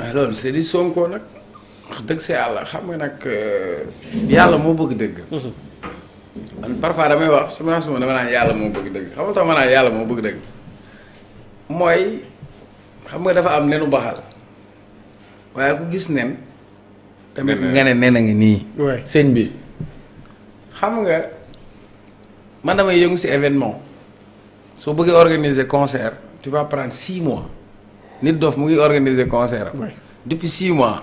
Ah, loolu c'est di Sonko nag dëgg si yàlla xam nga nag euh, yàlla moo bëgg dëgg. man parfois damay wax semence moom dama naan yàlla moo bëgg dëgg xam nga tax ma naan yàlla moo bëgg dëgg mooy xam nga dafa am nenu baxal waaye ku gis nen. tamit nga ne nen a ngi nii. sëñ bi xam nga man damay yëngu si événement soo bëggee organiser concert tu vas prendre six mois. nit dof mu ngi organiser concert am. depuis six mois.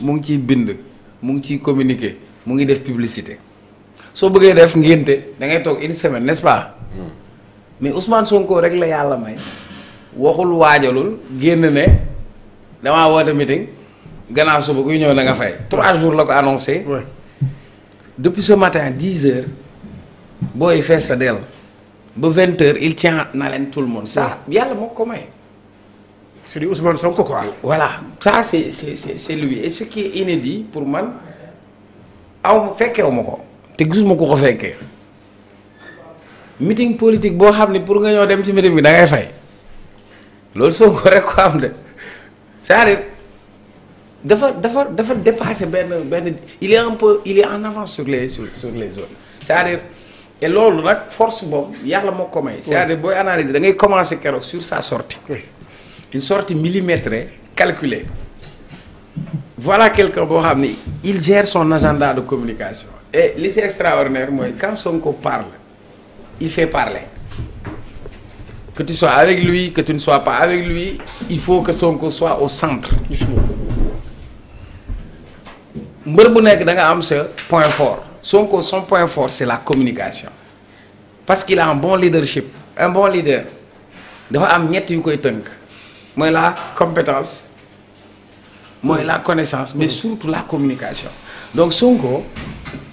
mu ngi ci bind mu ngi ciy communiquer mu ngi def publicité soo bëggee def ngénte da toog une semaine n'est-ce pas. Hmm. mais Ousmane Sonko rek la yàlla may waxul waajalul génn ne damaa woote meeting gannaaw suba kuy ñëw na nga fay. trois jours la ko annoncé. depuis ce matin dix heures booy fees fa dell ba vingt heures il tient na leen tout le monde. ça yàlla moo ko may. c'est du Ousmane Sonko quoi. voilà ça c'est c'est c'est c'est lui et ce qui est inédit pour man aw ah, fekkeewu ma ko te gisuma ko ko fekkee meeting politique boo xam ne pour nga ñëw dem ci meeting bi da ngay fay loolu Sonko rek ko am de c'est-à-dire dafa dafa dafa dépasser benn benn il est un peu il est en avance sur les sur sur les autres c'est-à-dire et loolu nag force boobu yàlla moo ko may. c'est-à-dire booy analyser da ngay commencer keroog sur sa sortie. Oui. une sorti millimétrée calculée voilà quelqu'un boo xam ni il gère son agenda de communication et li si extraordinaire mooy quand Sonko parle il fait parle que tu sois avec lui que tu ne sois pas avec lui il faut que Sonko soit au centre mbër bu nekk da nga am sa point fort Sonko son point fort c'est la communication parce qu'il a un bon leadership un bon leader dafa am ñett yu koy tënk mooy la compétence mooy la connaissance mais mm. surtout la communication donc Sonko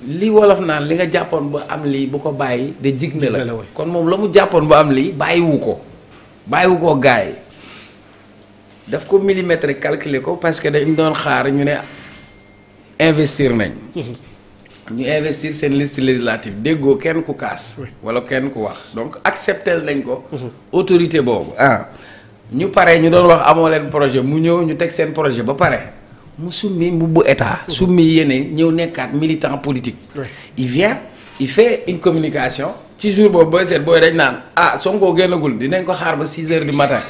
li wolof naan li nga jàppoon ba am lii bu ko bàyyi de jig na la kon moom la mu jàppoon ba am lii bàyyiwu ko bàyyiwu ko gars yi daf ko millimétré calculer ko parce que dañ doon xaar ñu ne investir nañ ñu investir seen liste législative déggoo kenn ku kaas wala kenn ku wax donc acceptel nañ ko mm-hmm. autorité boobu ah ñu pare ñu doon wax amoo leen projet mu ñëw ñu teg seen projet ba pare mu summi mbubbu état summi yéene ñëw nekkaat militant politique il vient il fait une communication ci jour boobu booy seet booy dañ naan ah Sonko génnagul dinañ ko xaar ba 6 heures du matin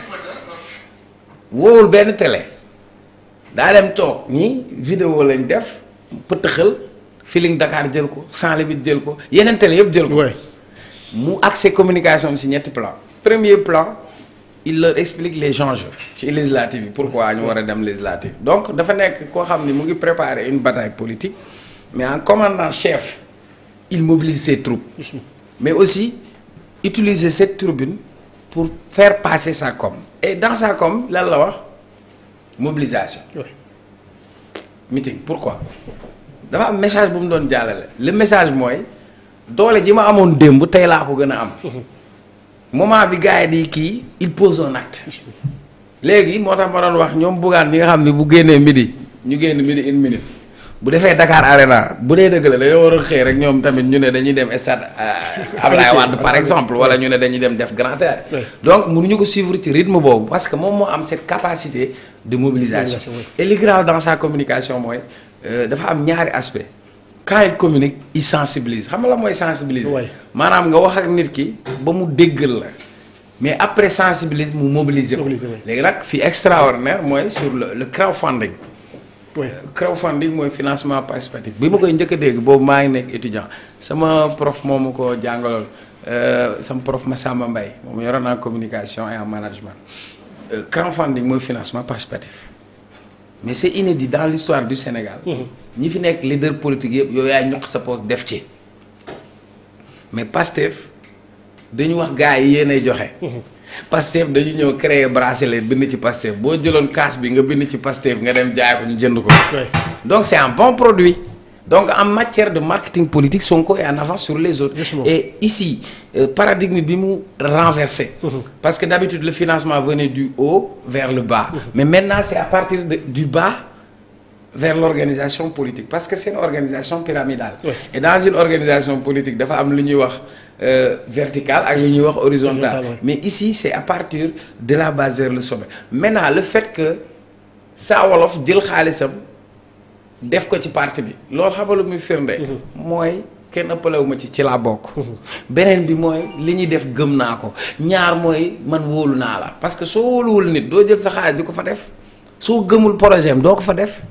woowul benn télé daa dem toog ñi vidéo lañ def pëtëxal Feeling Dakar jël ko Sans Limites jël ko yeneen télé yëpp jël ko mu accès communication si ñetti plan premier plan il leur explique les enjeux ci législative yi pourquoi ñu war a dem législative donc dafa nekk koo xam ni mu ngi préparer une bataille politique mais en commandant chef il mobilise ses troupes mais aussi utiliser cette tribune pour fair passer sa com et dans sa com lan la wax mobilisation oui. meeting pourquoi dafa am message bu mu doon jàllale le message mooy doole ji ma amoon démb tey laa ko gën a am mhm. moment bi gars yi di kii il pose un acte léegi moo tax ma doon wax ñoom buggaan bi nga xam ne bu génnee midi ñu génn midi une minute bu defee Dakar Arena bu dee dëgg la dañoo war a xëy rek ñoom tamit ñu ne dañuy dem stade euh, Ablaye Wade par exemple wala ñu ne dañuy dem def grand théâtre donc mënuñu ko suivre ci rythme boobu parce que moom moo am cette capacité de mobilisation et li dans sa communication mooy euh, dafa am ñaari aspect quand il communique il sensibilise xam nga la mooy sensibiliser. maanaam nga wax ak nit ki ba mu déggal la mais après sensibiliser mu mobiliser ko. léegi nag fi extraordinaire mooy sur le le crowdfunding. oui crowdfunding mooy financement participatif bi ma koy njëkk a dégg boobu maa ngi nekk étudiant sama prof moo ma ko jàngaloon euh, sama prof Massamba Mbaye moom yoroon naa communication et en management euh, crowdfunding mooy financement participatif. mais c'est inédit dans l'histoire du Sénégal. Mhm. ñi fi nekk leader politique yëpp yow yaay ñoq sa poste def ci. mais Pastef dañu wax gars yi yéenay joxe. Mhm. Pastef dañu ñëw créer bracelet bind ci Pastef boo jëloon kaas bi nga bind ci Pastef nga dem jaay ko ñu jënd ko. donc c'est bon produit. donc en matière de marketing politique Sonko est en avance sur les autres Justement. et ici euh, paradigme bi mu renversé mhm. parce que d'habitude le financement venait du haut vers le bas mhm. mais maintenant c'est à partir de, du bas vers l'organisation politique parce que c'est une organisation pyramidale ouais. et dans une organisation politique dafa am lu ñuy wax euh, vertical ak lu ñuy wax horizontal mais ici c'est à partir de la base vers le sommet maintenant le fait que Saa Wolof jël xaalisam def ko ci parti bi loolu xamalu muy firnde mhm. mooy kenn ëppalewu ma ci ci laa bokk mhm. beneen bi mooy li ñuy def gëm naa ko ñaar mooy man wóolu naa la parce que soo wóoluwul nit doo jël sa xaalis di ko fa def soo gëmul projet am doo ko fa def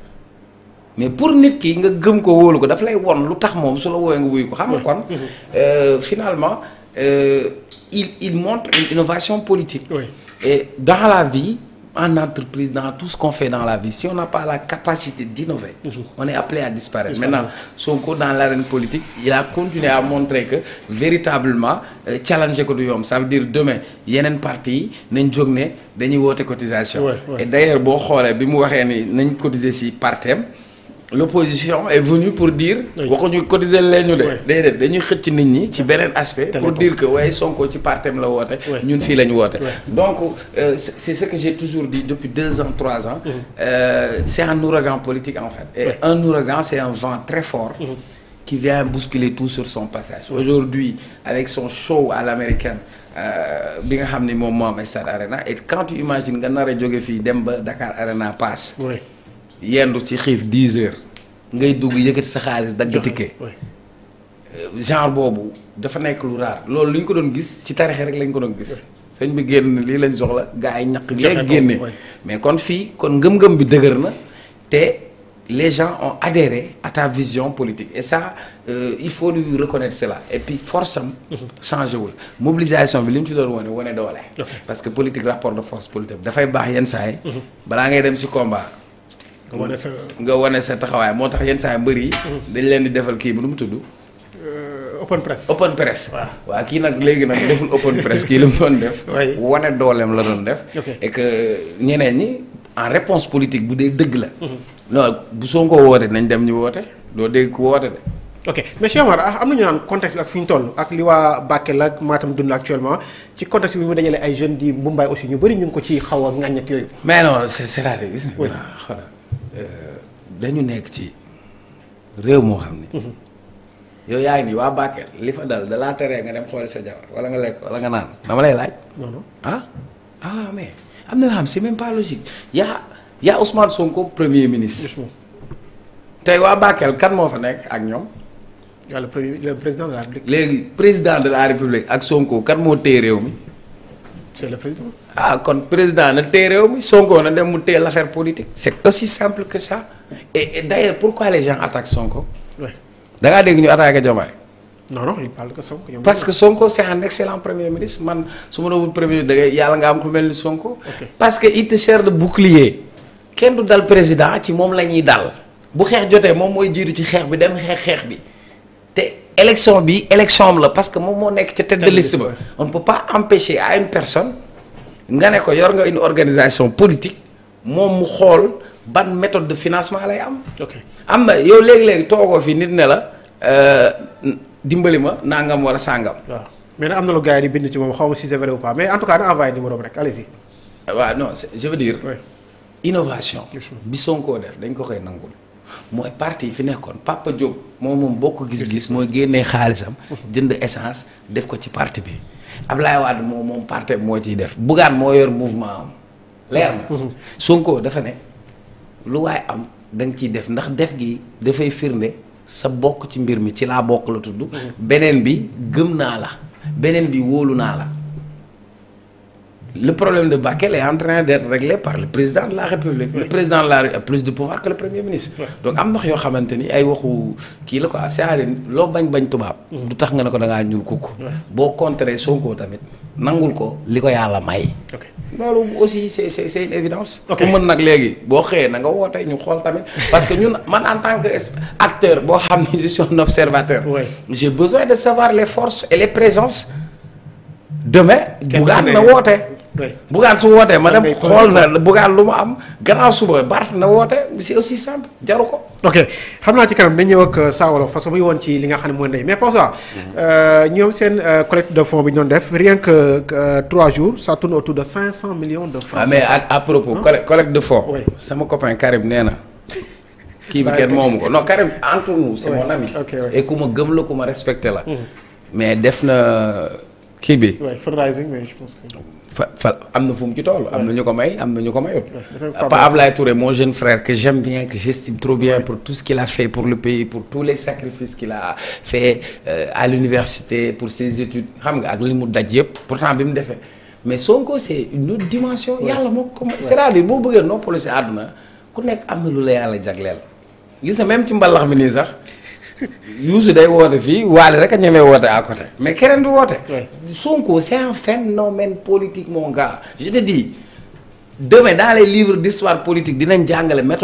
mais pour nit ki nga gëm ko wóolu ko dafa lay won lu tax moom su la wooyee nga wuyu ko xam nga mhm. kon euh, finalement euh, il il montre innovation politique oui. dans la vie en entreprise, dans tout ce qu'on fait dans la vie, si on n'a pas la capacité d'innover, mhm. on est appelé à disparaître. Maintenant, son cours dans l'arène politique, il a continué à montrer que véritablement, euh, challenger que nous ça veut dire demain, il y a nañ partie, une journée, une cotisation. Ouais, ouais. Et d'ailleurs, si on regarde, nous cotiser ici par thème, l'opposition est venue pour dire. waxuñu cotiser leen ñu de. dañuy xëcc nit ñi ci beneen aspect. pour dire que waaye Sonko ci partem la woote. ñun fii lañ woote. donc euh, c'est ce que j'ai toujours dit depuis deux ans trois ans. Mhm. Euh, c'est un ouragan politique en fait. un ouragan c'est un vent très fort. Mhm. qui vient bousculer tout sur son passage aujourd'hui avec son show à l'américaine euh, bi nga xam ne moom moo am Stade Arena et quand tu imagines nga nar a jóge fii dem ba Dakar Arena passe. yendu ci xiif 10 heures ngay dugg yëkkati sa xaalis dagg ticket euh, genre boobu dafa nekk lu raar loolu li ñu ko doon gis ci tarixe rek lañ ko doon gis sëñ bi génn lii lañ soxla gaa yi ñaq léegi génne mais kon fii kon ngëm-ngëm bi dëgër na te les gens ont adhéré à ta vision politique et ça euh, il faut lui reconnaître cela et puis force am mhm. changé wul mobilisation bi li mu ci doon wane wane doole parce que politique rapport de force politique dafay baax yenn saa nga wane sa taxawaay moo tax yenn saa mbër yi mm. dañ leen di defal kii bi nu mu tudd. Euh, open press open press. waaw kii nag léegi nag deful open press kii la mu doon def. wane dooleem la doon def. et que ñeneen ñi en réponse politique bu dee dëgg la. Mm-hmm. non bu soo ko nañ dem ñu woote doo dégg ku woote de. ok mais Cheikh Omar ah ak fi ñu toll ak li waa Bakel ak Matam dund ci contexte bi di Mumbaay aussi ñu bëri ñu ko ci xaw a ŋàññeek yooyu. mais non c'est c'est dañu nekk ci réew moo xam ni. yow yaa ngi nii waa Bakel li fa dal da laa teree nga dem xooli sa jawar wala nga lekk wala nga naan dama lay laaj. ah ah mais am na yoo xam c'est même pas logique yaa yaa Ousmane Sonko premier ministre. tey waa Bakel kan moo fa nekk ak ñoom. le président de la léegi président de la république ak Sonko kan moo téye réew mi. c'est le président. ah kon président na téye mi Sonko na dem mu la l'affaire politique. c'est aussi simple que ça et, pour d'ailleurs pourquoi les gens attaquent Sonko. oui dégg ñu attaqué Diomaye. non non il parle que Sonko. parce que Sonko c'est un excellent premier ministre man su ma doon wut premier da ngay yàlla nga am ku ni Sonko. parce que il te sert de bouclier. kenn du dal président ci moom la ñuy dal. bu xeex jotee moom mooy jiitu ci xeex bi dem xeex xeex bi te élection bi élection am la parce que moom moo nekk ca tête de liste ba on ne pas empêcher à une personne nga ne ko yor nga une organisation politique moom mu xool ban méthode de financement lay am am na yow léegi-léegi toogoo fi nit ne la euh, dimbali ma nangam wala sàngam mais nag am na lu gars yi di bind ci moom xaw ma si c'est pas mais en tout cas na envoyé numéro bi rek allez bi Sonko def dañ ko koy nangul mooy parti yi fi nekkoon Papa Diop moom moom bokk gis-gis mooy génnee xaalisam jënd essence def ko ci parti bi Ablaye moo moom moom parti moo ciy def Bougane moo yor mouvement am leer na mhm. Sonko dafa ne lu waaye am da ciy def ndax def gi dafay firnde sa bokk ci mbir mi ci laa bokk la tudd mhm. beneen bi gëm naa la beneen bi wóolu naa la le problème de Bakel est en train d'être réglé par le président de la République. le président de la République a plus de pouvoir que le premier ministre. donc am na yoo xamante ni ay waxu kii la quoi c'est-à-dire loo bañ bañ tubaab. Mm. du tax nga ne ko da ngaa ñuul kukk. boo contrer Sonko tamit nangul ko li ko yàlla may. loolu aussi c'est c'est c'est une évidence. ok ku mën nag léegi boo xëyee na nga woote ñu xool tamit parce que ñun man en tant que acteur boo xam ne je suis un observateur. oui j'ai besoin de savoir les forces et les présences demain. bugaan na woote. bugaan su wootee ma dem xool na bugaan lu mu am gannaaw suba Bart na woote c'est aussi simple jaru ko. ok xam naa ci kanam dañ ñëw euh, Saa Wolof parce que mu ci li nga xam ne mooy ndey mais pour euh, ñoom seen euh, collecte de fonds bi ñu doon def rien que trois jours ça tourne autour de cinq cent millions de francs. Ah, mais à collecte de fonds. sama copain Karim nee kii bi kenn moomu ko non Karim entre nous c'est mon ami. et ku ma gëm la ku ma respecté la. Mhm. mais def na kii fa fa am na fu mu ci toll. am na ñu ko may am na ñu ko mayut. Pa Ablaye Touré mon jeune frère que j'aime bien que j'estime trop bien pour tout ce qu'il a fait pour le pays pour tous les sacrifices qu'il a fait euh, à l'université pour ses études xam nga ak li mu daj yëpp pourtant bi mu defee mais Sonko c'est une dimension. yàlla moo ko c'est-à-dire boo bëggee noppalu si àdduna ku nekk am na lu la yàlla jagleel. gis nga même ci mbalax mi nii sax. Youssou day woote fii Waly rek a ñemee woote à côté mais keneen du woote. Sonko c'est un phénomène politique mon gars je te dis demain dans les d'histoire politique dinañ jàngale